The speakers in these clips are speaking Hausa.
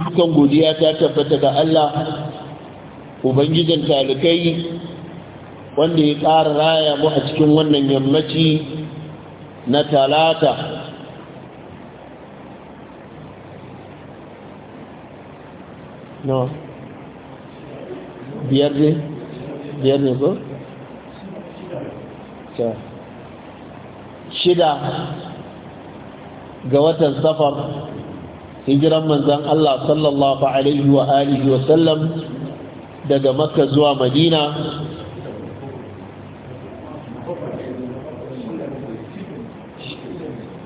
dukan godiya ta tabbata ga Allah ubangijin talikai wanda ya ƙara raya mu a cikin wannan yammaci na talata no biyar ne biyar ne ko? shida ga watan safar hijiran manzan Allah sallallahu alaihi wa alihi daga makka zuwa madina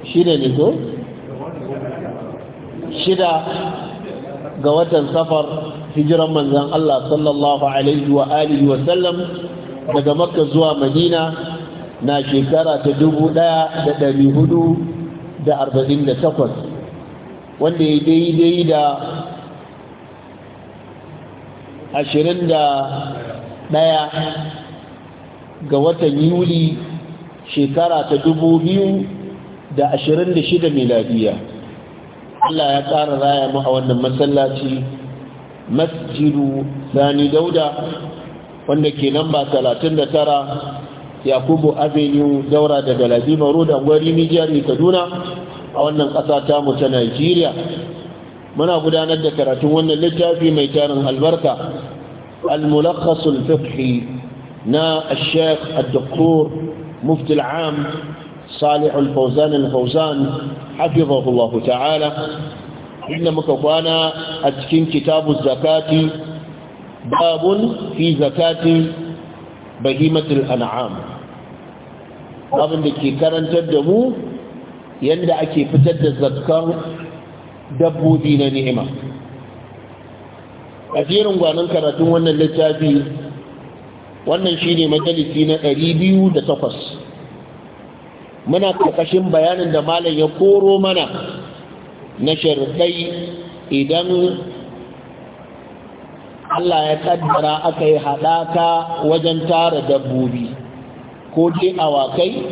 shida ne ko? shida ga watan safar hijiran manzan Allah sallallahu alaihi wa alihi daga makka zuwa madina na shekara ta dubu ɗaya da da da ɗari hudu arba'in takwas. wanda ya daidai da ashirin da ɗaya ga watan yuli shekara ta dubu biyu da ashirin da shida miladiya Allah ya ƙara raya mu a wannan masallaci masjidu sani dauda wanda ke namba talatin da tara yakubu avenue daura daga lazima road angwari nijiyar kaduna a wannan ƙasa ta mu ta Najeriya muna gudanar da karatun wannan littafi mai tarin albarka al mulakhasul al-fiqhi na al-sheikh al-doktor mufti al-am صالح الفوزان الفوزان حفظه الله inda muka kwana a cikin kitabu zakati babun fi zakati bahimatul an'am abin da ke karantar da mu yadda ake fitar da zakkan dabbobi na ni'ima a jerin gwanon karatun wannan littafi wannan shine majalisi na 208 muna ƙarƙashin bayanin da malam ya koro mana na sharɗai idan Allah ya kaddara aka yi haɗaka wajen tara dabbobi ko dai awakai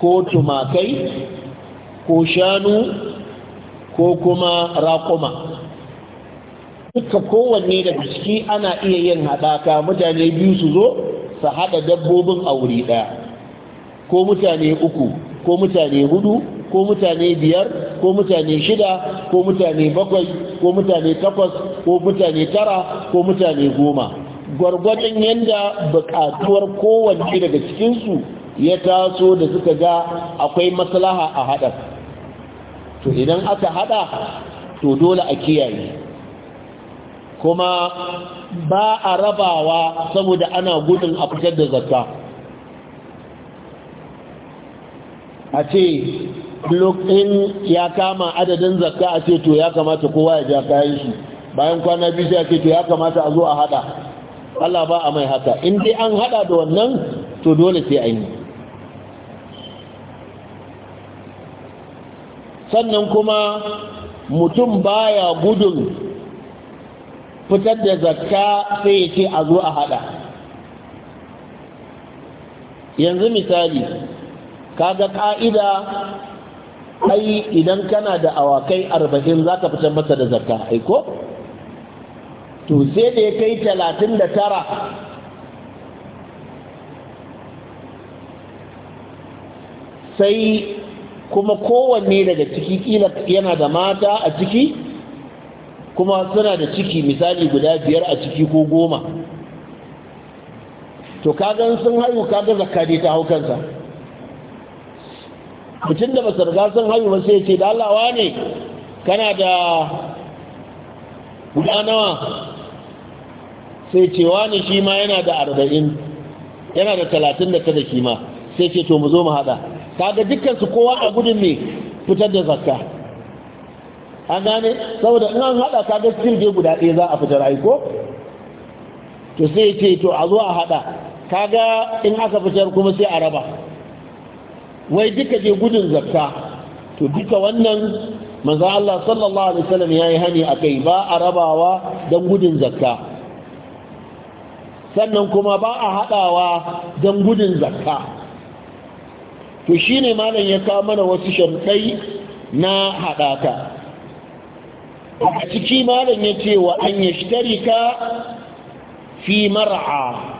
ko tumakai ko shanu ko kuma raƙuma duka kowanne daga ciki ana iya yin haɗaka mutane biyu su zo su haɗa dabbobin a wuri ɗaya ko mutane uku ko mutane hudu ko mutane biyar ko mutane shida ko mutane bakwai ko mutane takwas ko mutane tara ko mutane goma gwargwadon yadda buƙatuwar kowanne daga cikinsu ya taso da suka ga akwai maslaha a haɗa to idan aka haɗa to dole a kiyaye kuma ba a rabawa saboda ana gudun a fitar da zakka a ce in ya kama adadin zakka a ce to ya kamata kowa ya ja kayan shi bayan kwana biyu sai ce to ya kamata a zo a haɗa Allah ba a mai haka in dai an haɗa da wannan to dole sai an yi sannan kuma mutum baya gudun fitar da zakka sai ya ce a zo a hada yanzu misali kaga ka'ida ai idan kana da awakai arba'in za ka fitar masa da zakka aiko to sai da ya kai talatin da tara sai kuma kowanne daga ciki kila yana da mata a ciki kuma suna da ciki misali guda biyar a ciki ko goma to kagan sun haihu ka ga ta haukansa mutum da basu riga sun haihu ba sai ce da Allah ne kana da guda sai ce ne shi ma yana da arba'in yana da talatin da kada kima sai ce to mu zo mu hada kaga dukkansu kowa a gudun ne fitar da zakka an gane saboda in an haɗa kaga sirge guda ɗaya za a fitar aiko to sai ce to a zo a haɗa kaga in aka fitar kuma sai a raba wai duka je gudun zakka to duka wannan manzo Allah sallallahu alaihi wasallam yayi hani akai ba a rabawa dan gudun zakka sannan kuma ba a haɗawa dan gudun zakka to shi ne malam ya kawo mana wasu sharɗai na haɗaka a ciki malam ya ce wa an yashtarika fi mar'a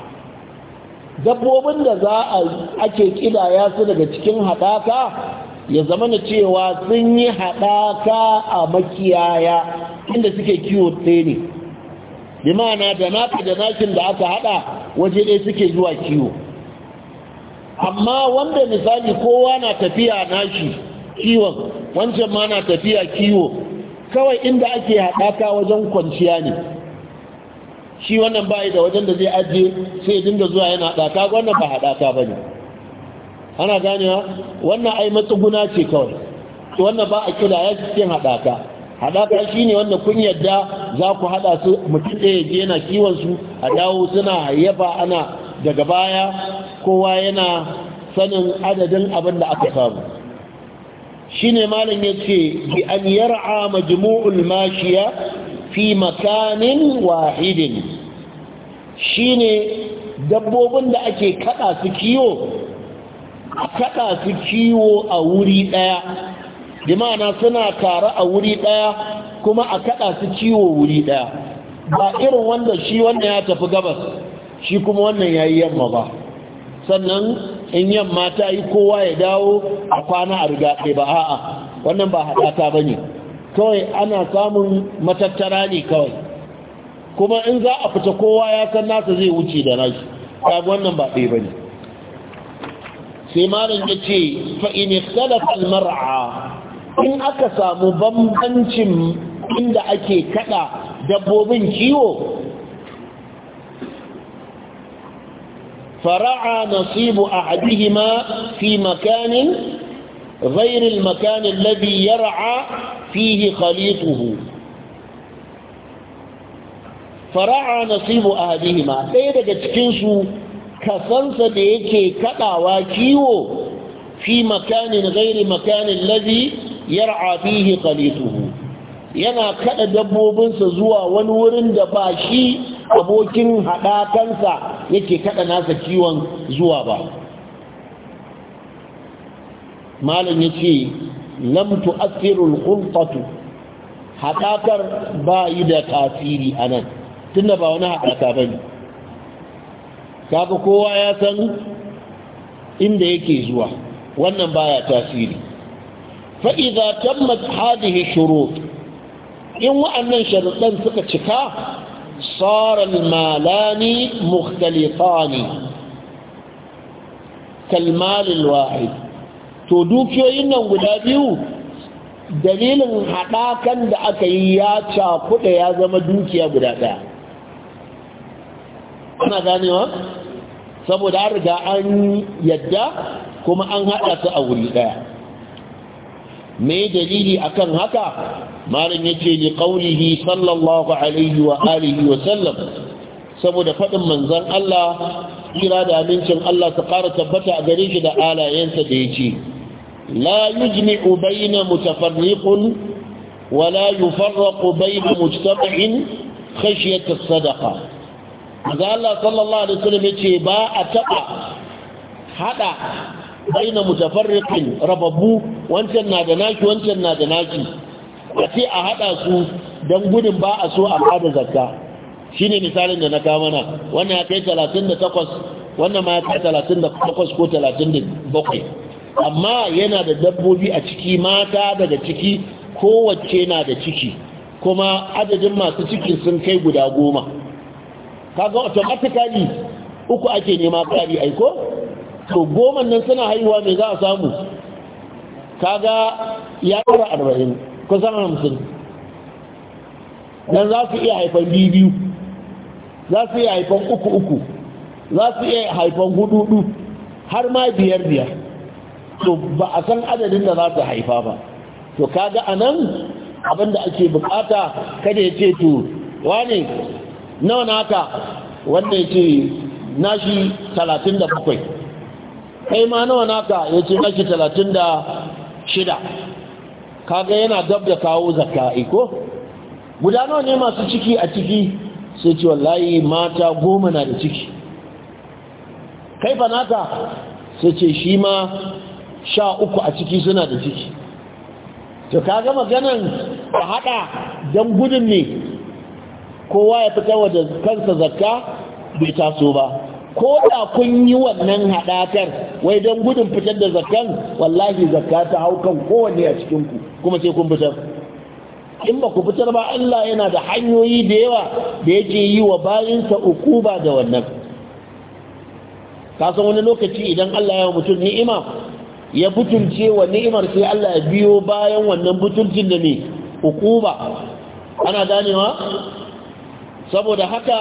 dabbobin da za a ake ƙidaya su daga cikin haɗaka ya zama na cewa sun yi haɗaka a makiyaya inda suke kiwo ɗaya ne bi ma'ana da naka da nakin da aka haɗa waje ɗaya suke zuwa kiwo amma wanda misali kowa na tafiya nashi kiwon wancan ma na tafiya kiwo kawai inda ake haɗaka wajen kwanciya ne shi wannan ba da wajen da zai ajiye sai dinga zuwa yana haɗaka wannan ba haɗaka ba ne ana ganewa wannan ai matsuguna ce kawai wannan ba a kira ya cikin haɗaka haɗaka shi ne wanda kun yadda za ku haɗa su mutum ɗaya je yana kiwon su a dawo suna hayyafa ana daga baya kowa yana sanin adadin abin da aka samu shi ne malin ya ce bi an yar'a majmu'ul mashiya fi makanin wahidin shi ne dabbobin da ake kada su kiwo a kada su kiwo a wuri daya dimana suna tare a wuri daya kuma a kada su kiwo wuri daya ba irin wanda shi wannan ya tafi gabas shi kuma wannan ya yi yamma ba sannan in yamma ta yi kowa ya dawo a kwana a riga ɗaya ba a'a wannan ba haɗata ba ne kawai ana samun matattara ne kawai kuma in za a fita kowa ya san nasa zai wuce da nashi kaga wannan ba ɗaya ba ne sai malam ya ce fa'in ikhtalafal mar'a in aka samu bambancin inda ake kada dabbobin kiwo فرعى نصيب أحدهما في مكان غير المكان الذي يرعى فيه خليطه فرعى نصيب أحدهما ليدك تكنسوا kasansa da yake kaɗawa kiwo fi makanin gairi makanin lazi yar'a fihi qalituhu yana kada dabbobinsa zuwa wani wurin da ba shi abokin haɗakansa yake kaɗa nasa ciwon zuwa ba malam ya ce lam Asirin khultatu haɗakar ba yi da tasiri a nan tunda ba wani haɗaka ba ne kaga kowa ya san inda yake zuwa wannan baya tasiri fa'iza tammat hadihi shuru in wa'annan sharuɗan suka cika صار المالان مختلطان كالمال الواحد تودوكيو إنه قدابيو دليل حقاكا دأكيات شاقود يا زمدوكيو قدابا ما ذاني هو سبو دار دعان يدى كما أنها أتأولي me dalili akan haka malam yace li qawlihi sallallahu alaihi wa alihi wa sallam saboda fadin manzon Allah kira da amincin Allah ta fara tabbata a gare shi da alayensa da yace la yujmi'u bayna mutafarriqun wa la yufarraqu bayna mujtama'in khashyata as-sadaqa manzon Allah sallallahu alaihi wa sallam yace ba a taba hada baina mutafarriqin rababbu wancan na da naki wancan na da naki a a hada su dan gudun ba a so a bada zakka shine misalin da na ka mana wannan ya kai 38 wannan ma ya kai 38 ko 37 amma yana da dabbobi a ciki mata daga ciki kowace na da ciki kuma adadin masu ciki sun kai guda goma kaga automatically uku ake nema kari aiko to goma nan suna haihuwa mai za a samu kaga ya ɗora arba'in kusan hamsin dan za su iya haifan biyu za su iya haifan uku uku za su iya haifan hududu har ma biyar biyar to ba a san adadin da za su haifa ba to kaga a nan abinda ake bukata kada ya ce to wane nawa naka wanda ya ce nashi talatin da bakwai kai ma nawa naka ya ce naki talatin da shida kaga yana gab da kawo zakka iko guda nawa ne masu ciki a ciki sai ce wallahi mata goma na da ciki kai fa naka sai ce shi ma sha uku a ciki suna da ciki to kaga maganan ka haɗa don gudun ne kowa ya fitar da kansa zakka bai taso ba ko da kun yi wannan haɗakar wai don gudun fitar da zakan wallahi zakka ta hau kan kowanne a cikin kuma sai kun fitar in ba ku fitar ba Allah yana da hanyoyi da yawa da yake yi wa bayinsa ukuba da wannan ka san wani lokaci idan Allah ya mutum ni'ima ya butulce wa ni'imar sai Allah ya biyo bayan wannan butulcin da ne ukuba ana ganewa saboda haka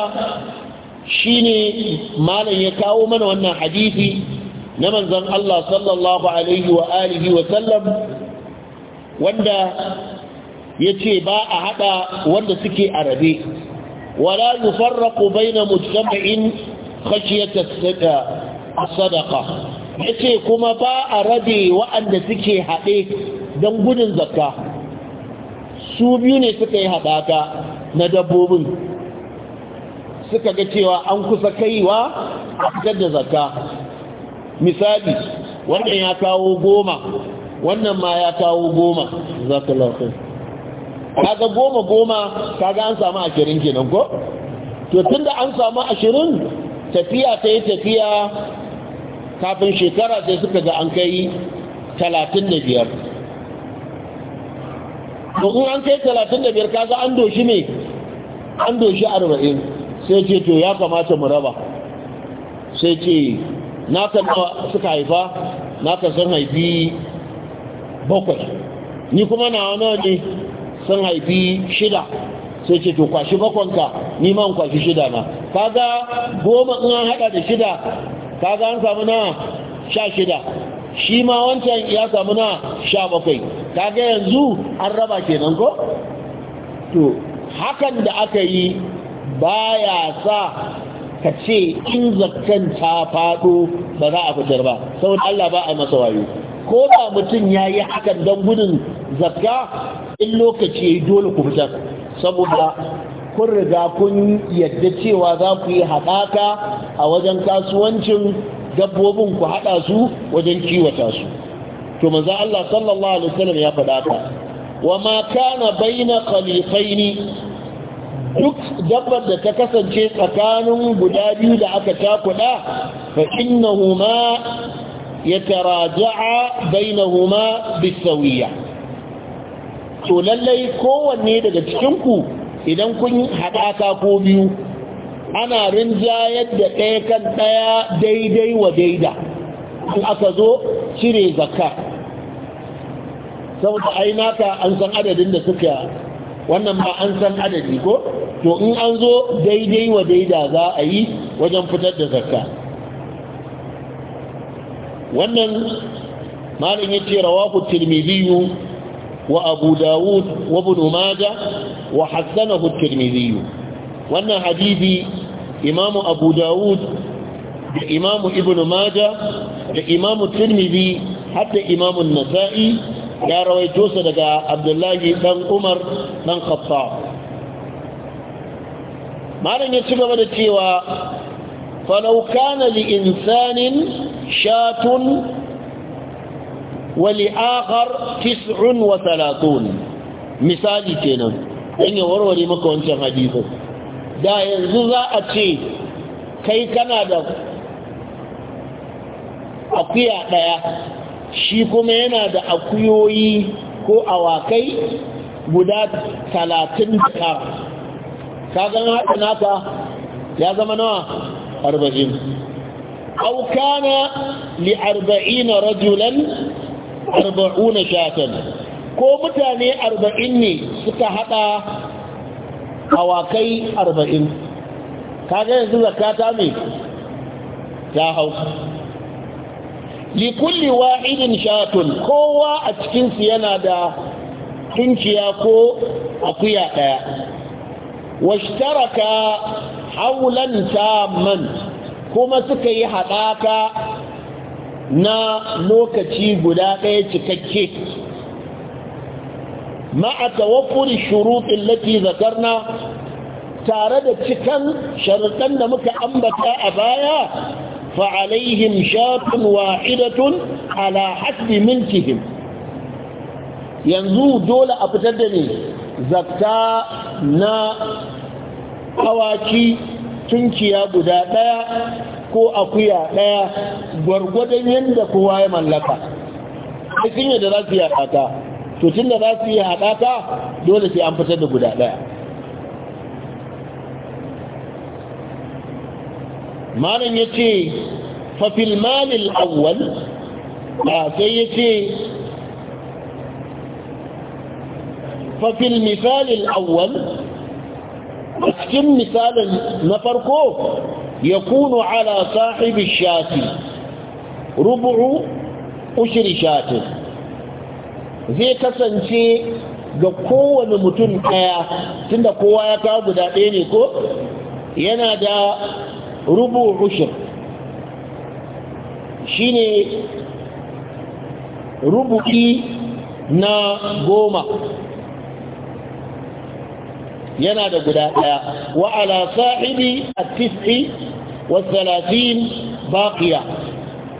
Shi ne malam ya kawo mana wannan hadisi na manzon Allah sallallahu alaihi wa alihi wa sallam wanda ba a haɗa wanda suke arabe wala yufarraqu baina mujtama'in khashiyat as Ya yace kuma ba a rabe wa'anda suke haɗe dan gudun zakka su biyu ne suka yi hadaka na dabbobin suka ga cewa an kusa kaiwa a fitar da zaka misali wannan ya kawo goma wannan ma ya kawo goma za ka lafi kaga goma goma kaga an samu ashirin kenan ko to tun da an samu ashirin tafiya ta yi tafiya kafin shekara sai suka ga an kai talatin da biyar to in an kai talatin da biyar kaga an doshi ne an doshi arba'in sai ce to ya kamata mu raba sai ce na kan suka haifa na kan sun haifi bakwai ni kuma na wani wani sun haifi shida sai ce to kwashi bakwanka ni ma kwashi shida na kaga goma in an hada da shida kaga an samu na sha shida shi ma wancan ya samu na sha bakwai kaga yanzu an raba kenan ko to hakan da aka yi baya sa ka ce in zakkan ta faɗo ba za a fitar ba saboda Allah ba a yi masa wayo ko ba mutum ya yi hakan don gudun zakka in lokaci ya dole ku fitar saboda kun riga kun yadda cewa za ku yi haɗaka a wajen kasuwancin dabbobin ku haɗa su wajen kiwata su to manzo Allah sallallahu alaihi wasallam ya faɗa ka wa ma kana baina khalifaini duk dabbar da ta kasance tsakanin guda biyu da aka takuda fa innahuma yataraja'a bainahuma bisawiya to lallai kowanne daga cikin ku idan kun haɗaka ko biyu ana rinjayar da ɗaya kan ɗaya daidai wa daida in aka zo cire zakka saboda ai naka an san adadin da suka wannan ba an san adadi ko to in an zo daidai wa daida za a yi wajen fitar da zakka wannan malin ya ce rawahu tirmidhiyu wa abu dawud wa ibn majah wa hassanahu tirmidhiyu wannan hadisi imamu abu dawud da imamu ibn maja da imamu tirmidhi hatta imamu nasa'i ya rawaito sa daga abdullahi dan umar dan khattab malam ya ci gaba da cewa falau kana li insanin shatun wa li akhar 39 misali kenan dan ya warware maka wancan hadisi da yanzu za a ce kai kana da akuya daya shi kuma yana da akuyoyi ko awakai guda talatin tara ka gan haka naka ya zama nawa arba'in au li arba'ina rajulan arba'una shatan ko mutane arba'in ne suka haɗa hawakai arba'in kaga yanzu zakata mai ta hau likulli wa'idin shatun kowa a cikinsu yana da tunciya ko akuya ɗaya. washtaraka haulan man kuma suka yi haɗaka na lokaci guda ɗaya cikakke ma'a tawaffuri shuruɗin lati zakarna tare da cikan sharuɗan da muka ambata a baya fa'alaihim shafin wa'idatun ala hasbi milkihim yanzu dole a fitar da ne zakka na awaki tunkiya guda ɗaya ko akuya ɗaya gwargwadon yadda kowa ya mallaka aikin yadda za su yi haɗaka to tun da za su yi haɗaka dole sai an fitar da guda ɗaya malam ya ce fafilmanin awwal sai ya ce ففي المثال الأول أسكن مثالا نفركو يكون على صاحب الشاتي ربع أشر شاتي زي كسنشي قوة نمتن حياة سند قوة يتعب ذاتيني كو ينادى ربع أشر شيني ربع نا قومة yana da guda ɗaya wa ala sahibi a tisi wa 30 baqiya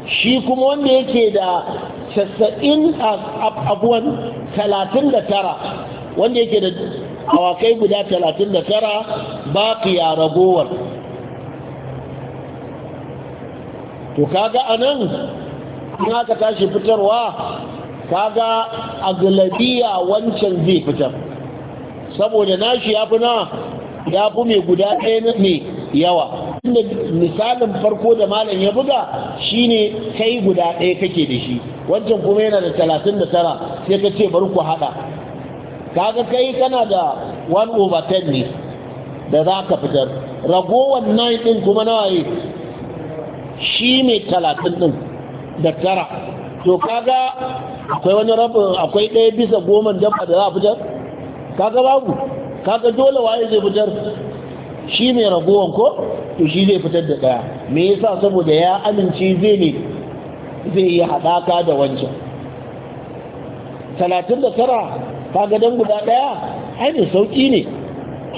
shi kuma wanda yake da talatin da tara wanda yake da awakai guda tara baqiya ragowar to kaga anan in aka tashi fitarwa kaga a galabiya wancan zai fitar saboda nashi ya fi na ya fi mai guda ɗaya ne yawa inda misalin farko da malam ya buga shine kai guda ɗaya kake da shi wancan kuma yana da talatin da tara sai ka ce bari ku haɗa kaga kai kana da 1 over 10 ne da za ka fitar ragowar ɗin kuma nawa yi shi mai talatin ɗin da tara to kaga akwai wani rabin akwai ɗaya bisa goma dabba da za a fitar kaga babu kaga dole waye zai fitar shi mai raguwan ko to shi zai fitar da daya me yasa saboda ya amince zai ne zai yi hadaka da wancan talatin da tara kaga dan guda daya ai da sauki ne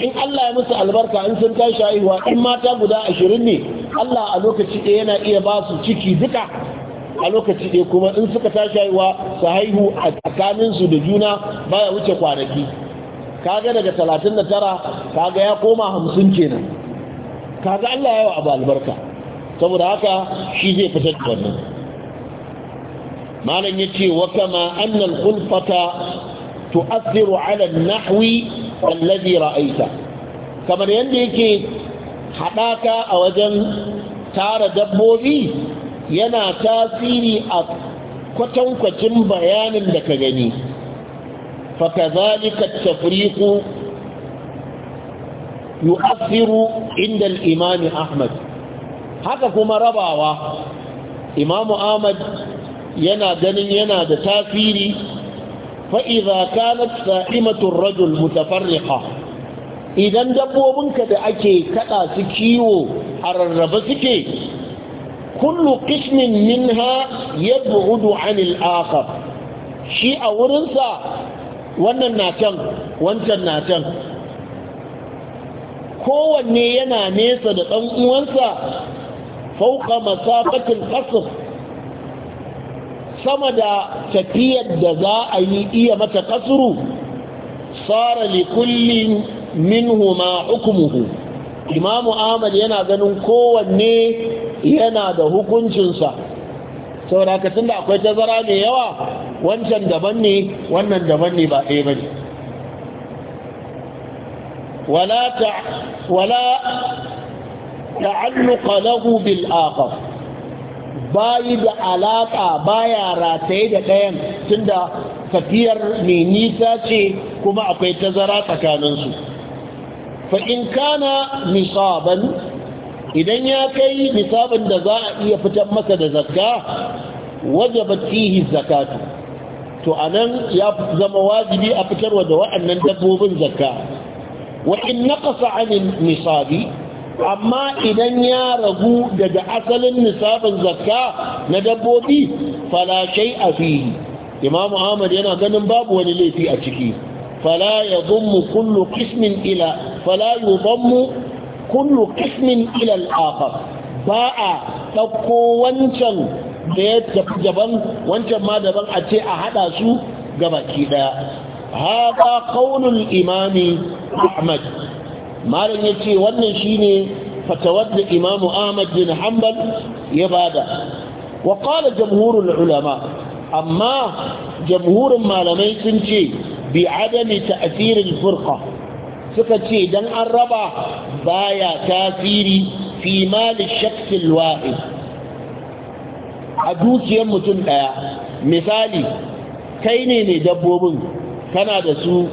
in Allah ya musu albarka in sun tashi haihuwa in mata guda ashirin ne Allah a lokaci ɗaya yana iya ba su ciki duka a lokaci ɗaya kuma in suka tashi haihuwa su haihu a tsakaninsu da juna baya wuce kwanaki kaga daga 39 kaga ya koma 50 kenan kaga Allah ya yi abu albarka saboda haka shi zai fitar da wannan malam yace wa kama anna al-khulfata tu'athiru ala an-nahwi alladhi ra'aita kamar yanda yake hadaka a wajen tara dabbobi yana tasiri a kwatankwacin bayanin da ka gani فكذلك التفريق يؤثر عند الإمام Ahmad. haka kuma rabawa imamu ahmad yana ganin yana da tasiri fa'iza kanat sa'imatun rajul mutafarriqa idan dabbobinka da ake kaɗa su kiwo a rarraba suke kullu qismin minha yab'udu an akhar shi a wurinsa wannan na can wancan na can kowanne yana nesa da ɗan uwansa fauka masafatin ƙasar sama da tafiyar da za a yi iya mata ƙasuru tsara likullin minhuma hukumuhu imamu ahmad yana ganin kowanne yana da hukuncinsa Sauraka tun da akwai tazara mai yawa wancan daban ne wannan daban ne ba ɗaya bane wala wala lahu bil akhar bayi da alaka baya rataye da ɗayan tunda tafiyar mai nisa ce kuma akwai tazara tsakaninsu fa in kana nisaban idan ya kai nisabin da za a iya fitar masa da zakka wajabat fihi zakatu to anan ya zama wajibi a fitarwa da wa'annan dabbobin zakka wa in naqasa 'anil nisabi amma idan ya ragu daga asalin nisabin zakka na dabbobi fala a fihi imam ahmad yana ganin babu wani laifi a ciki fala yadhummu kullu qismin ila fala yadhummu kullu qismin ila al-akhar ba a dauko wancan da ya tafi wancan ma daban a ce a hada su gabaki daya hada qaulul imami ahmad malam yace wannan shine fatawar da imam ahmad bin hanbal ya bada wa qala jamhurul ulama amma jamhurin malamai sun ce bi adami ta'thiril furka. suka ce dan an raba baya tasiri fi mali shaksil a dukiyar mutum daya misali kai ne mai dabbobin kana da su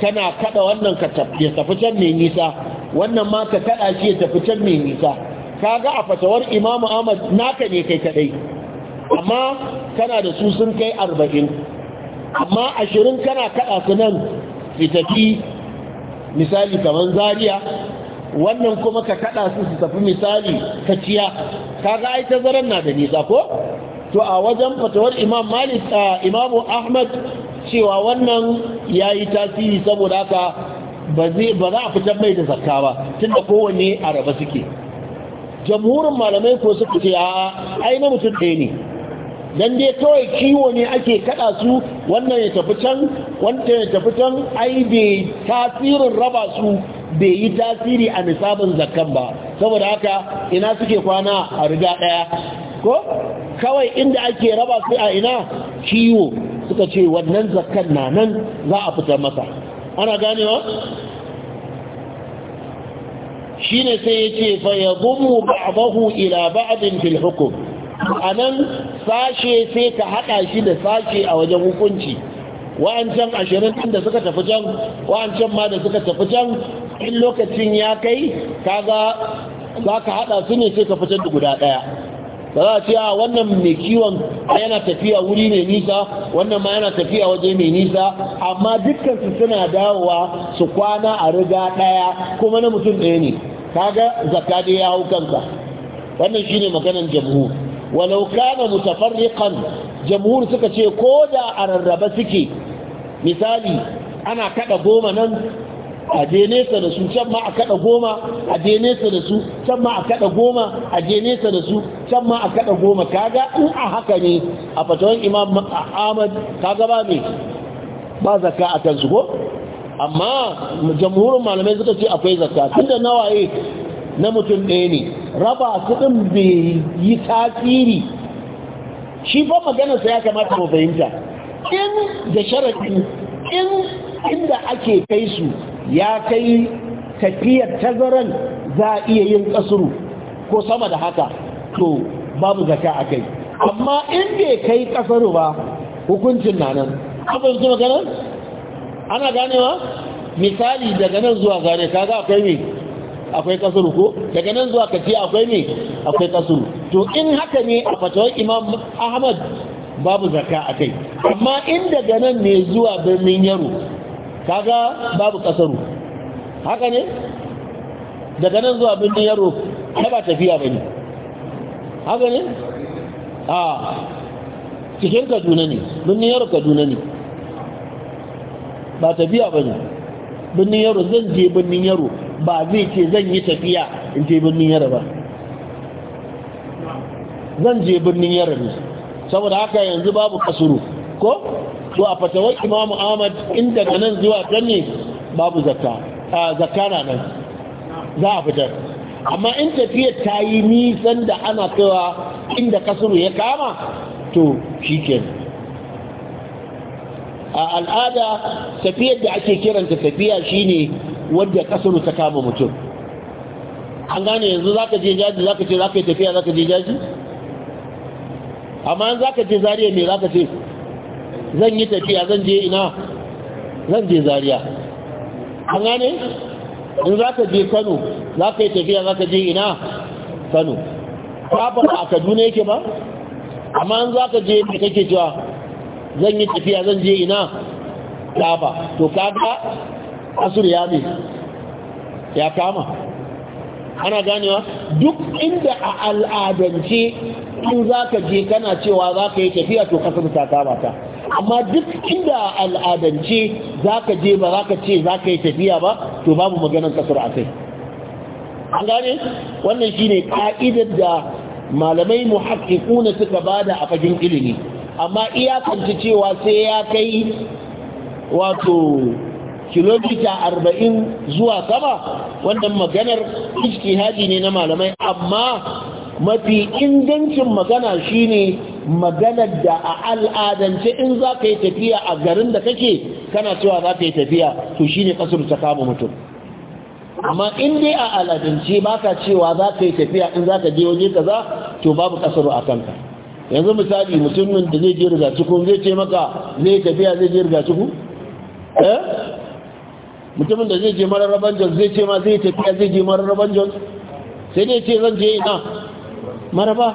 kana kada wannan ka tafi can mai nisa wannan ma ka kada shi ya tafi can mai nisa kaga a fatawar Imam Ahmad naka ne kai kadai amma kana da su sun kai arba'in amma ashirin kana kada su nan su tafi misali kamar Zariya, wannan kuma ka kada su su tafi misali kaciya kaga ai tazaran na da nisa ko to a wajen fatawar imam malik imam ahmad cewa wannan yayi tasiri saboda haka ba za a fita mai da zakka ba tunda kowanne a raba suke jamhurin malamai ko suka ce a ai na mutum ɗaya ne dan dai kawai kiwo ne ake kada su wannan ya tafi can wannan ya tafi can ai bai tasirin raba su bai yi tasiri a nisabin zakkan ba saboda haka ina suke kwana a riga daya ko kawai inda ake raba su a ina kiwo suka ce wannan zakkan na nan za a fitar masa ana ganewa shine sai yace fa yadhmu ba'dahu ila ba'din fil hukm a nan sashe sai ka haɗa shi da sashe a wajen hukunci wa'ancan ashirin ɗin da suka tafi can wa'ancan ma da suka tafi can in lokacin ya kai kaga za ka haɗa su ne sai ka fitar da guda ɗaya ba za a ce a wannan mai kiwon yana tafiya wuri mai nisa wannan ma yana tafiya waje mai nisa amma dukkansu suna dawowa su kwana a riga ɗaya kuma na mutum ɗaya ne ka ga zakadai ya hau kanka wannan shine maganan jamhur walau kana mutafarriqan jamhur suka ce ko da a rarraba suke misali ana kada goma nan a je nesa da su can ma a kada goma a je nesa da su can ma a kada goma a je nesa da su can ma a kada goma kaga in a haka ne a fatawan imam ahmad kaga ba me ba zakka a kansu ko amma jamhurin malamai suka ce akwai zakka tunda nawaye na mutum ɗaya ne raba kuɗin bai yi tasiri shi ba maganarsa ya kamata mu fahimta in da sharaɗi in inda ake kai su ya kai tafiyar tazaran za a iya yin ƙasuru ko sama da haka to babu zaka a kai amma in bai kai ƙasaru ba hukuncin na nan abin su maganar ana ganewa misali daga nan zuwa gane kaga akwai ne akwai kasuru ko daga nan zuwa kaciya akwai ne akwai kasuru to in haka ne a fatawar imam ahmad babu zakka a kai amma in daga nan ne zuwa birnin yaro kaga babu kasuru haka ne daga nan zuwa birnin yaro ta ba tafiya ba ne haka ne a cikin kaduna ne birnin yaro kaduna ne ba tafiya ba ne birnin yaro zan je birnin yaro ba zai ce zan yi tafiya in je birnin yara ba zan je birnin yara ne saboda haka yanzu babu kasuru ko to a fatawar imamu ahmad in daga nan zuwa can ne babu zakka a zakka na nan za a fitar amma in tafiya ta yi nisan da ana kaiwa inda kasuru ya kama to shi kenan a al'ada tafiyar da ake kiranta tafiya shine wadda kasaru ta kama mutum an gane yanzu za ka je jaji za ka ce za ka yi tafiya za ka je jaji amma za ka je zariya me za ka ce zan yi tafiya zan je ina zan je zariya an gane in za ka je kano za ka yi tafiya za ka je ina kano ba a kaduna yake ba amma in za ka je mai kake cewa zan yi tafiya zan je ina kafa to kaga asur ya ne ya kama ana ganewa duk inda a al'adance in za ka je kana cewa za ka yi tafiya to kasar ta kama amma duk inda a al'adance za ka je ba za ka ce za ka yi tafiya ba to babu maganar kasar a kai an gane wannan shine ka'idar da malamai muhakkikuna suka bada a fagen ilimi amma iyakanci cewa sai ya kai wato kilomita arba'in zuwa sama wannan maganar haji ne na malamai amma mafi ingancin magana shine maganar da a al'adance in za ka yi tafiya a garin da kake kana cewa za ka yi tafiya to shine kasar ta kama mutum amma in dai a al'adance ba ka cewa za ka yi tafiya in za ka je waje kaza to babu kasar a kanka yanzu misali mutumin da zai je riga cikin zai ce maka zai tafiya zai je riga cikin eh mutumin da zai je mararraban jos zai ce ma zai tafiya zai je mararraban jos sai dai ce zan je ina maraba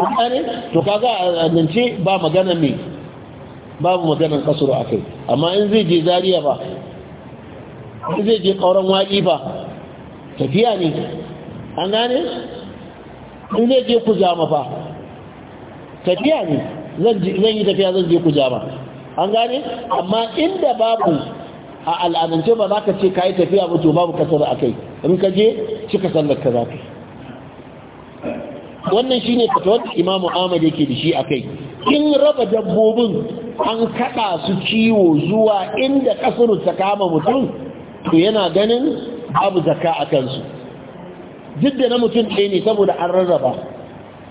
a ne to kaga a nance ba magana ba babu maganan kasuru a kai amma in zai je zariya ba in zai je kauran waƙi ba tafiya ne an gane in zai je ku zama ba tafiya ne zan yi tafiya zan je kujama an gane amma inda babu a al'adance ba za ka ce ka yi tafiya ba to babu kasar a kai in ka je cika sallar ka za ka wannan shi ne fatawar imamu ahmad yake da shi a kai in raba dabbobin an kaɗa su ciwo zuwa inda kasar ta kama mutum to yana ganin babu zaka a kansu duk da na mutum ɗaya ne saboda an rarraba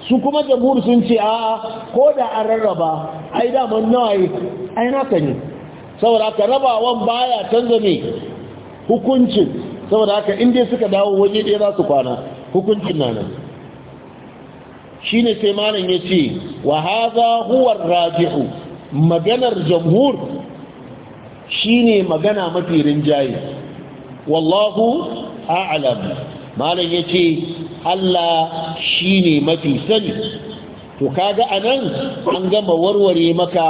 su kuma jamhur sun ce a ko da an rarraba ai daman nawa yi ai naka ne saboda aka wan baya canza ne hukuncin saboda aka inda suka dawo waje ɗaya za su kwana hukuncin na nan shi ne sai malam ya ce wa haza huwar raji'u maganar jamhur shi ne magana mafi rinjaye wallahu a'alam malam ya ce Allah shi ne mafi sani to kaga anan an gama warware maka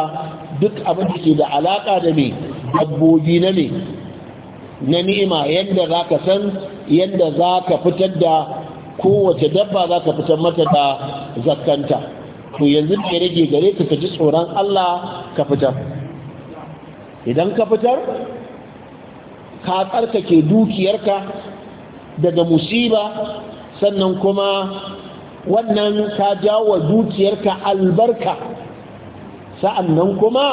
duk abin da ke da alaƙa da mai dabbobi na ne na ni'ima yadda za ka san yadda za ka fitar da kowace dabba za ka fitar mata da zakanta to yanzu ne rage gare ka ka tsoron Allah ka fitar idan ka fitar ka tsarkake dukiyarka daga musiba sannan kuma wannan ka jawo dukiyarka albarka sa'annan kuma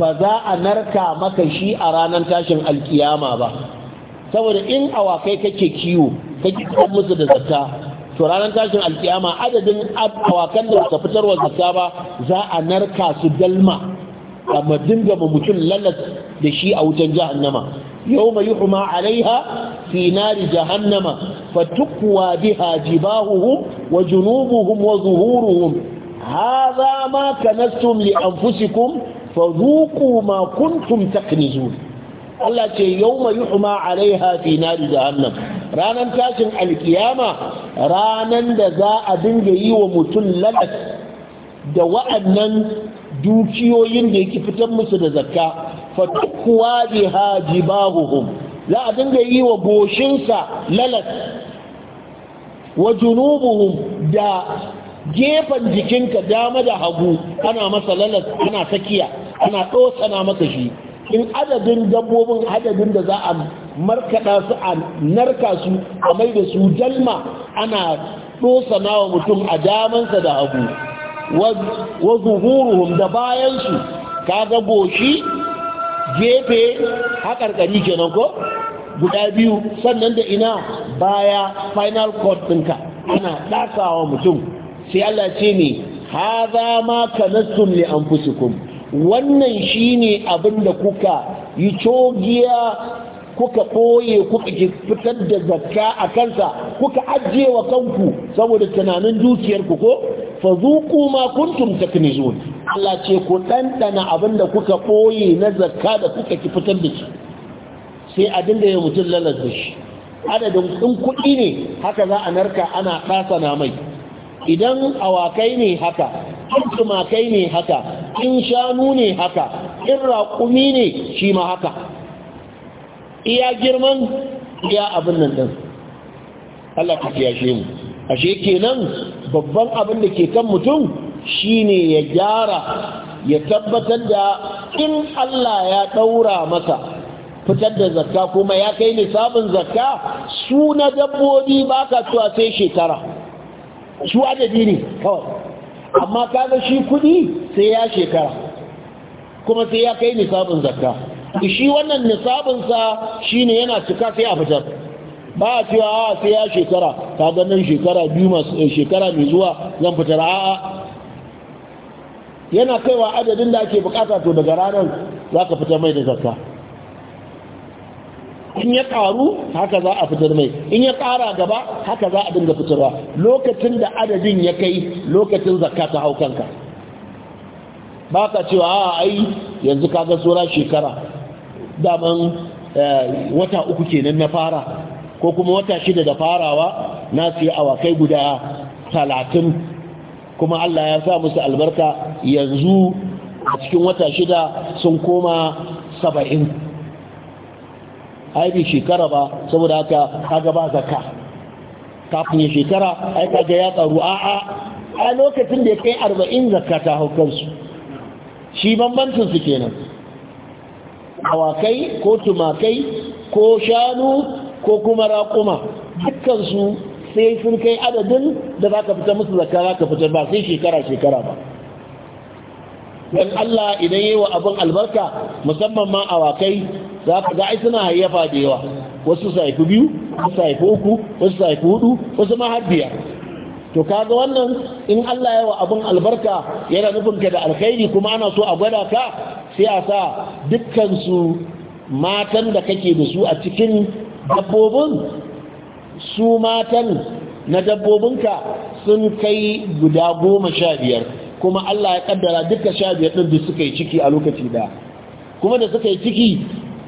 ba za a narka maka shi a ranar tashin alkiyama ba saboda in awakai kake kiwo kake kan musu da zata, to ranar tashin alkiyama adadin awakan da fitar fitarwa zata ba za a narka su dalma amma dinga mutum lalat da shi a wutan nama. يوم يحمى عليها في نار جهنم فتقوى بها جباههم وجنوبهم وظهورهم هذا ما كنستم لأنفسكم فذوقوا ما كنتم تكنزون Allah ce yau mai yuhuma alaiha fi nari jahannam ranan tashin alƙiyama, ranan da za a dinga yi wa mutum lalas da wa'annan dukiyoyin da yake fitar musu da zakka fatukwa biha jibahuhum za a dinga yi wa goshinsa lalas wa junubuhum da gefen jikinka dama da hagu ana masa lalas ana tsakiya ana tsotsana masa shi in adadin dabbobin adadin da za a markada su a narka su a mai da su dalma ana tsotsana wa mutum a damansa da hagu wa zuhuruhum da bayansu kaga goshi gefe haƙarƙari kenan ko guda biyu sannan da ina baya final court ɗinka ana ɗasawa mutum sai Allah ce ne haza ma ne an anfusikum wannan shine abin da kuka yi cogiya kuka ɓoye kuka fitar da zakka a kansa kuka ajiye wa kanku saboda tunanin dukiyarku ko fa zuku ma kuntum taknizun Allah ce ku ɗanɗana abinda kuka ɓoye na zakka da kuka ki fitar da shi sai a da ya mutum da shi adadin in kuɗi ne haka za a narka ana na mai idan awakai ne haka in tumakai ne haka in shanu ne haka in raƙumi ne shi ma haka iya girman iya abin nan ɗin Allah ka shi mu ashe kenan babban abin da ke kan mutum Shi ne ya gyara ya tabbatar da in Allah ya ɗaura masa fitar da zakka kuma ya kai nisabin zakka su na dabbobi ba ka cewa sai shekara su adadi ne kawai amma ga shi kudi sai ya shekara kuma sai ya kai nisabin zakka shi wannan nisabinsa shi ne yana cika sai a fitar ba a cewa a ah, sai ya shekara ta ganin shekara biyu masu eh, shekara mai zuwa zan fitar a yana kaiwa adadin da ake bukata to daga ranar za ka fitar mai da zakka in ya karu haka za a fitar mai in ya kara gaba haka za a dinga fitarwa lokacin da adadin ya kai lokacin zakka ta hau kanka ba ka cewa a ai yanzu kaga tsora shekara daman eh, wata uku kenan na fara ko kuma wata shida da farawa na siya awakai guda talatin kuma Allah ya sa musu albarka yanzu a cikin wata shida sun koma saba'in aibi shekara ba saboda haka kaga ba zakka kafin ya shekara ai ga ya karu a'a a lokacin da ya kai arba'in zakka ta haukarsu shi bambancin kenan awakai ko tumakai ko shanu ko kuma raƙuma dukkansu sai sun kai adadin da za ka fita musu zakka za ka fitar ba sai shekara-shekara ba don Allah idan yi wa abin albarka musamman ma awakai za ka ga ai suna hayyafa da yawa wasu saifi biyu wasu saifi uku wasu saifi hudu wasu ma har biyar to kaga wannan in Allah ya wa abin albarka yana nufin ka da alkhairi kuma ana so a gwada ka sai a sa dukkan su matan da kake da su a cikin dabbobin su matan na dabbobinka sun kai guda goma sha biyar kuma Allah ya kaddara duka sha biyar ɗin da suka yi ciki a lokaci da kuma da suka yi ciki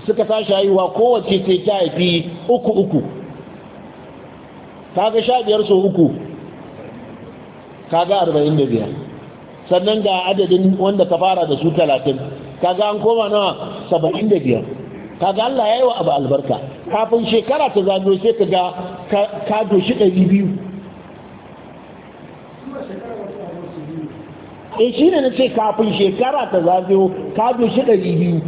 suka tashi haihuwa kowace sai ta haifi uku uku kaga sha biyar so uku kaga arba'in da biyar sannan ga adadin wanda ka fara da su talatin kaga an koma na saba'in da biyar kaga Allah ya yi wa abu albarka kafin shekara ta zagayo sai ka ga ka doshi ɗari biyu e shi ne na ce kafin shekara ta zagayo ka doshi ɗari biyu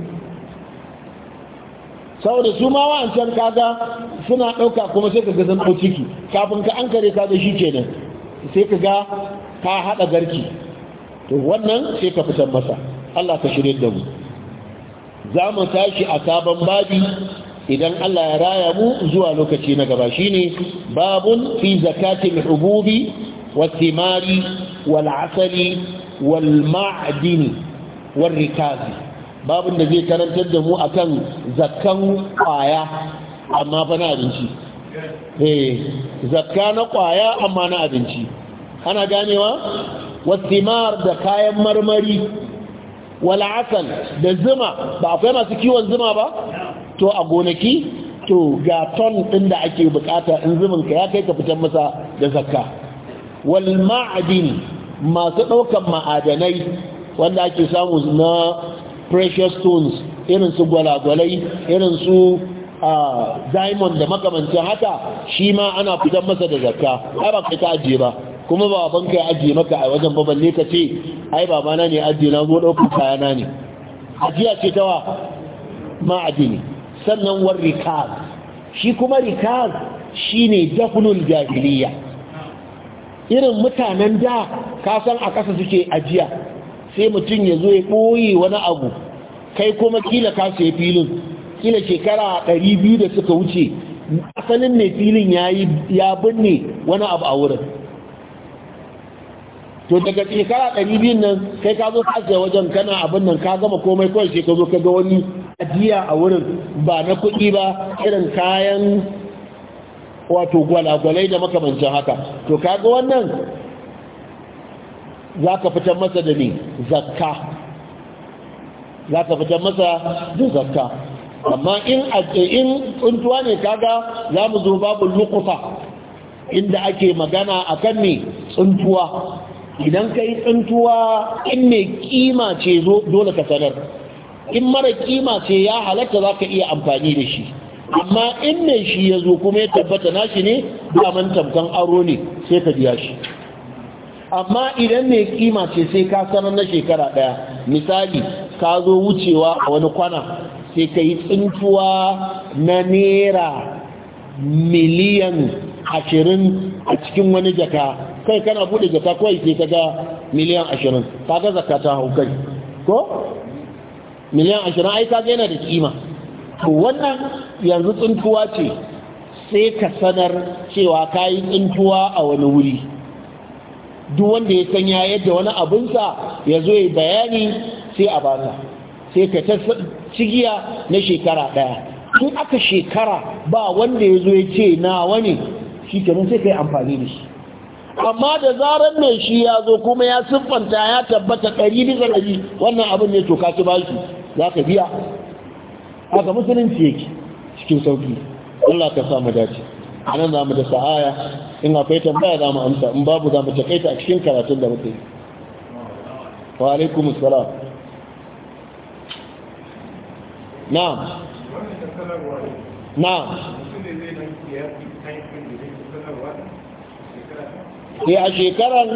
saboda su ma wa'ancan kaga suna ɗauka kuma sai ka ga zan ciki kafin ka an kare kaga shi kenan sai ka ga ka haɗa garki to wannan sai ka fitar masa Allah ka shirye da mu za mu tashi a sabon babi idan Allah ya raya mu zuwa lokaci na gaba shine babun fi zakatil ububi wattimari wal asali wal ma'dini wal rikazi babun da zai karantar da mu akan zakkan kwaya amma ba na abinci eh zakka na kwaya amma na abinci ana ganewa wattimar da kayan marmari wala asal da zuma ba akwai masu kiwon zuma ba to a gonaki to ga ton ɗin da ake bukata in zumin ka ya kai ka fitar masa da zakka wal ma'adin masu ɗaukan ma'adanai wanda ake samu na precious stones irin su gwalagwalai irin su diamond da makamancin haka shi ma ana fitar masa da zakka ba kai ta ajiye ba kuma babanka ya ajiye maka a wajen ba balle ka ce ai babana ne ajiye na zo ɗaukar kayana ne ajiya ce tawa ma ne. sannan war rikaz shi kuma rikaz shine dafnul jahiliya irin mutanen da ka san a ƙasa suke ajiya sai mutum ya zo ya ɓoye wani abu kai kuma kila ka sai filin kila shekara ɗari biyu da suka wuce asalin mai filin yayi ya binne wani abu a wurin to daga shekara ɗari biyun nan kai ka zo ka wajen kana abin nan ka gama komai kawai sai ka zo ka ga wani ajiya a wurin ba na kuɗi ba irin kayan wato gwalagwalai da makamancin haka to ka ga wannan za ka fitar masa da ne zakka za ka fitar masa da zakka amma in in tsuntuwa ne kaga za mu zo babu lukufa inda ake magana a kan ne tsuntuwa idan ka yi tsantuwa in mai kima ce dole ka sanar in mara kima ce ya halatta za ka iya amfani da shi amma in mai shi ya zo kuma ya tabbata na shi ne daman tamkan aro ne sai ka biya shi amma idan mai kima ce sai ka sanar na shekara daya misali ka zo wucewa a wani kwana sai ka yi tsintuwa na naira miliyan ashirin a cikin wani jaka kai kana bude jaka kawai sai ka ga miliyan ashirin ka ga zakka ko miliyan ashirin ai ka ga yana da kima to wannan yanzu tsuntuwa ce sai ka sanar cewa ka yi tsuntuwa a wani wuri duk wanda ya sanya yadda wani abinsa ya zo ya bayani sai a baka sai ka ta cigiya na shekara daya tun aka shekara ba wanda ya zo ya ce na wani shi kenan sai ka yi amfani da shi amma da zarar mai shi ya zo kuma ya siffanta ya tabbata ɗari bisa ɗari wannan abin ne to ka ci bashi za ka biya haka musulunci yake cikin sauki Allah ka sa mu dace a nan za mu da sa'aya in akwai tambaya za mu amsa in babu za mu kaita a cikin karatun da muke wa alaikum salam na'am na'am sai a shekarar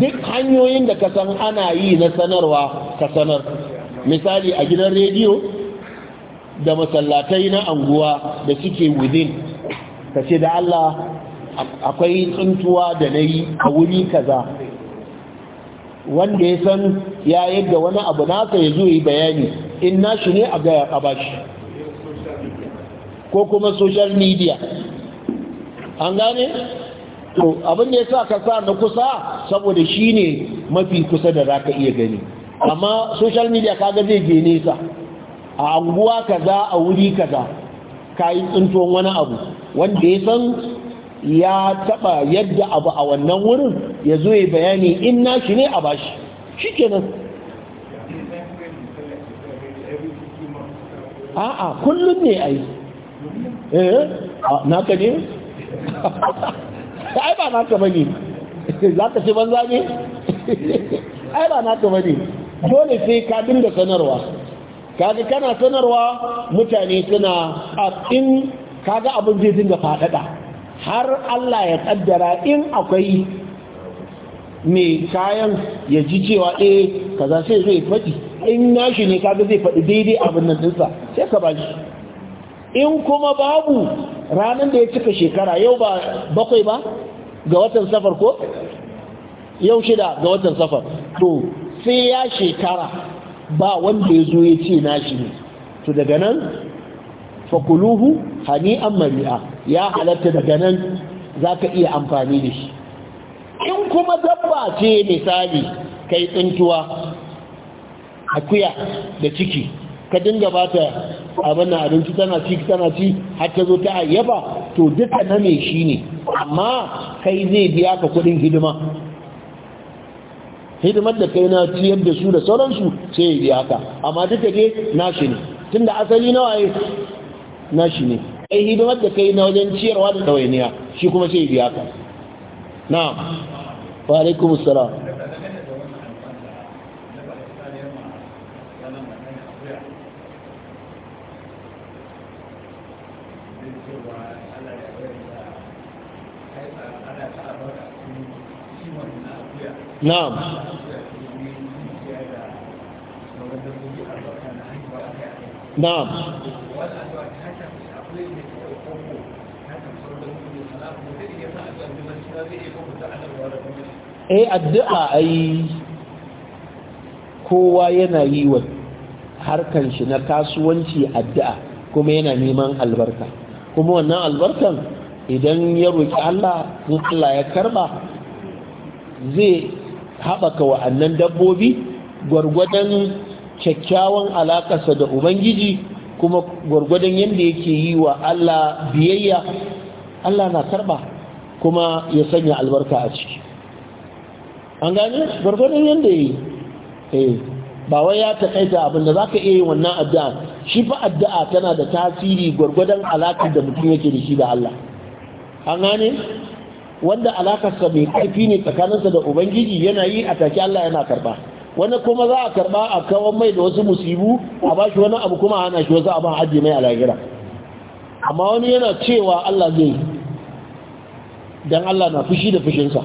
duk hanyoyin da ka san ana yi na sanarwa ka sanar misali a gidan rediyo da masallatai na anguwa da suke within ka ce da Allah akwai tsuntuwa da na yi a wuri kaza wanda ya san ya yadda wani abu nasa ya zo yi bayani in nashi ne a gaya a bashi ko kuma social media an gane to abin da ya sa ka sa na kusa saboda shi ne mafi kusa da za ka iya gani amma social media ka ga zai je nesa a anguwa kaza a wuri kaza ka yi tsintuwan wani abu wanda ya san ya taba yadda abu a wannan wurin ya zo ya bayani in nashi ne a bashi shi kenan a'a kullum ne a yi eh ka ne ka ai ba ka bane za ka ce banza ne ai ba ka bane dole sai ka dinga sanarwa kaga kana sanarwa mutane suna in kaga abin zai dinga faɗaɗa har Allah ya kaddara in akwai mai kayan ya ji cewa eh kaza sai zai faɗi in nashi ne kaga zai faɗi daidai abin nan dinsa sai ka ba in kuma babu ranar da ya cika shekara yau ba bakwai ba ga watan safar ko yau shida ga watan safar to sai ya shekara ba wanda ya zo ya ce nashi ne to daga nan fakuluhu hani mari'a ya halatta daga nan za ka iya amfani da shi in kuma dabba ce misali kai tsintuwa akuya da ciki ka dinga ba ta abin na abinci tana ci tana ci har ta zo ta ayyaba to duka na mai shi ne amma kai zai biya ka kudin hidima hidimar da kai na ciyar da su da sauransu sai ya biya ka amma duka dai nashi ne tun da asali na waye nashi ne ai hidimar da kai na wajen ciyarwa da ɗawainiya shi kuma sai ya biya ka na wa alaikumussalam na'am na'am eh addu'a ayi kowa yana yi wa harkan shi na kasuwanci addu'a kuma yana neman albarka kuma wannan albarkan idan ya roƙi Allah in Allah ya karba zai haɓaka wa'annan dabbobi gwargwadon kyakkyawan alaƙarsa da ubangiji kuma gwargwadon yadda yake yi wa Allah biyayya Allah na karɓa kuma ya sanya albarka a ciki an gane gwargwadon yadda yi eh, ba wai ya taƙaita abin da za ka iya yin wannan addu'a shi fa addu'a tana da tasiri gwargwadon alaƙar da mutum yake da shi da Allah an gane wanda alakarsa mai ƙarfi ne tsakaninsa da ubangiji yana yi a take Allah yana karba wanda kuma za a karba a kawan mai da wasu musibu a ba shi wani abu kuma hana shi wasu abin aji mai alagira amma wani yana cewa Allah zai dan Allah na fushi da fushinsa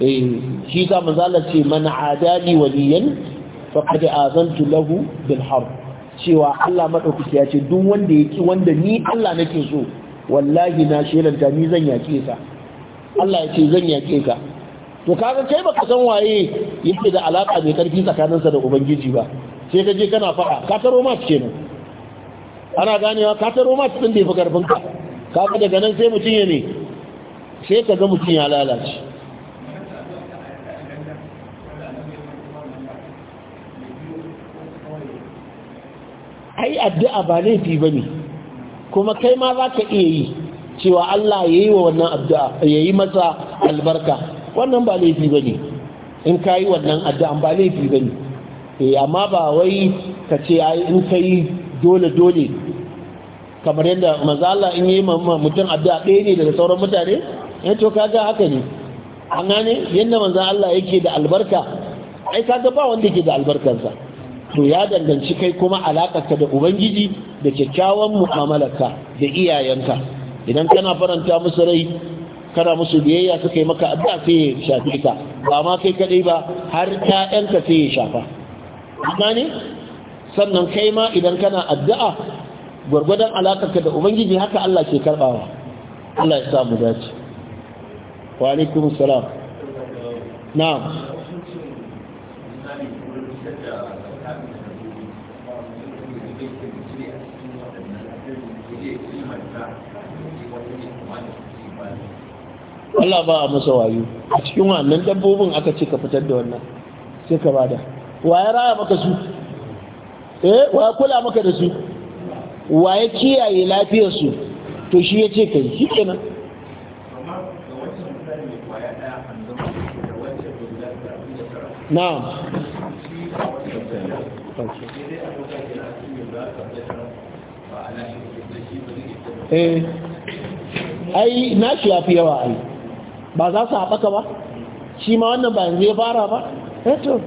eh shi sa manzala ce man adali waliyan faqad azantu lahu bil harb cewa Allah madaukaki ya ce duk wanda yake wanda ni Allah nake so wallahi na shelanta ni zan yake sa Allah ya ce zan yake ka to kaga kai baka san waye yake da alaka mai karfi tsakaninsa da ubangiji ba sai ka je kana faɗa ka taro mas kenan ana ganewa ka taro mas din da yafi karfin ka kaga daga nan sai mutum ya ne sai ka ga mutum ya lalace ai addu'a ba laifi bane kuma kai ma za ka iya yi cewa Allah ya yi wa wannan addu'a ya yi masa albarka wannan ba laifi ba ne in ka yi wannan abdu'an ba laifi ba ne eh, amma ba wai ka ce in ka yi dole-dole kamar yadda mazala in yi mutum addu'a ɗaya ne daga sauran mutane ya eh, to ka ga haka ne an gane yadda manzan Allah yake da albarka ai ga ba wanda yake da albarkarsa to ya danganci kai kuma alaƙarka da ubangiji da kyakkyawan mu'amalarka da iyayenka idan kana faranta musu rai kana musu biyayya suka yi maka addu'a sai ya ka ba ma kai kadai ba har ƴaƴanka sai ya shafa amma ne sannan kai ma idan kana addu'a gwargwadon alakarka da ubangiji haka Allah ke karbawa Allah ya samu dace wa alaikum salam na'am Allah ba masa wayo a cikin wannan dabbobin aka ce ka fitar da wannan sai ka bada waye raya maka su eh waye kula maka da su waye kiyaye lafiyar su to shi yace kai shi kenan na'am eh ai na shi fi yawa ai ba za su haɓaka ba shi ma wannan ba yanzu ya fara ba eto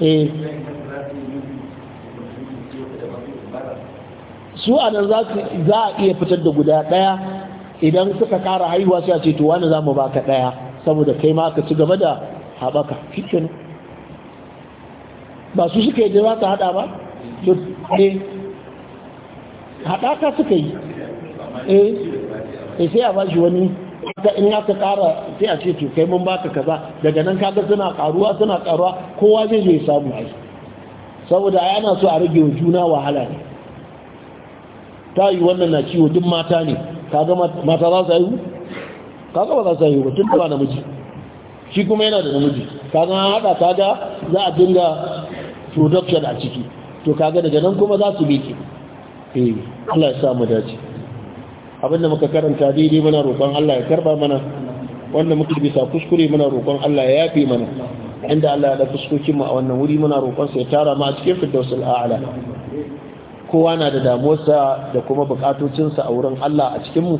eh, eh su a nan za a iya fitar da guda ɗaya idan suka ƙara haihuwa sai a ce to wani za mu baka ɗaya saboda kai ma ka ci gaba da haɓaka shi ba su suka yi da za ka haɗa ba eh haɗaka suka yi eh sai eh, sai a ba shi wani in ya aka kara sai a ce to kai mun baka kaza daga nan kaga suna karuwa suna karuwa kowa zai je samu ai saboda yana so a rage wa juna wahala ne ta yi wannan na ciwo duk mata ne kaga mata za su haihu kaga ba za su yi ba tun ba namiji shi kuma yana da namiji kaga an haɗa kaga za a dinga production a ciki to kaga daga nan kuma za su ki eh Allah ya sa mu dace abinda muka karanta daidai muna roƙon Allah ya karba mana wanda muka bisa kuskure muna roƙon Allah ya yafe mana inda Allah ya da fuskokin mu a wannan wuri muna roƙon sa ya tara mu a cikin firdausul a'la kowa na da damuwarsa da kuma bukatocinsa a wurin Allah a cikin mu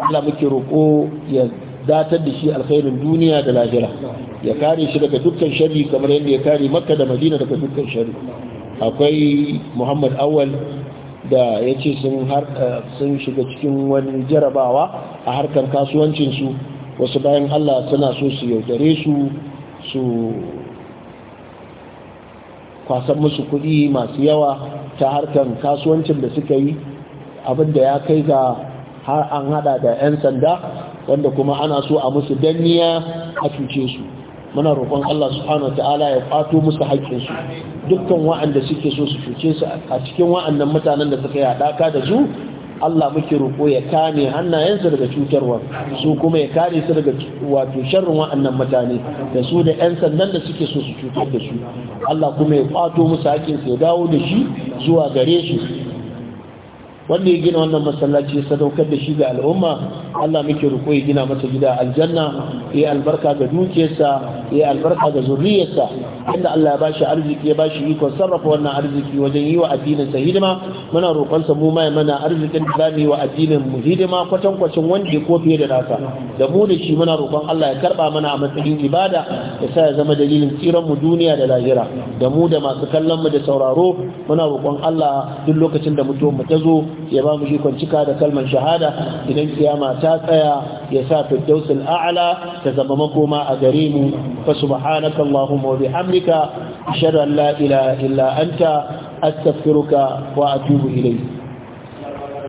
Allah muke roƙo ya datar da shi alkhairin duniya da lahira ya kare shi daga dukkan sharri kamar yadda ya kare makka da madina daga dukkan sharri akwai muhammad awal da ya ce sun shiga cikin wani jarabawa a harkar kasuwancinsu wasu bayan allah suna so su yaudare su su kwasan musu kuɗi masu yawa ta harkar kasuwancin da suka yi abinda ya kai ga har an hada da 'yan sanda wanda kuma ana so a musu danniya a cuce su muna roƙon Allah subhanahu wataala ya kwato musu haƙƙinsu dukkan wa'anda suke so su cuce su a cikin wa'annan mutanen da suka yi haɗaka da su Allah muke roƙo ya kame hannayensu daga cutarwa su kuma ya kare su daga wato sharrin wa'annan mutane da su da 'yan sandan da suke so su cutar da su Allah kuma ya kwato musu haƙƙinsu ya dawo da shi zuwa gare su wanda ya gina wannan masallaci ya sadaukar da shi ga al'umma Allah muke roƙo ya gina masa gida aljanna ya albarka ga dukiyarsa ya albarka ga zuriyarsa inda Allah ya bashi arziki ya bashi ikon sarrafa wannan arziki wajen yi wa addinin sa hidima muna roƙon sa mu mai mana arzikin da zamu yi wa addinin mu hidima kwatan kwacin wanda ya kofi da nasa da mu da shi muna roƙon Allah ya karba mana a matsayin ibada ya sa ya zama dalilin tsiran mu duniya da lahira da mu da masu kallon mu da sauraro muna roƙon Allah duk lokacin da mutum mu ta zo ya ba mu shi kwancika da kalmar shahada idan kiyama ta tsaya ya sa firdausul a'la ta zama makoma a gare mu fa subhanaka allahumma wa bihamdika ashhadu an la ilaha illa anta astaghfiruka wa atubu ilayk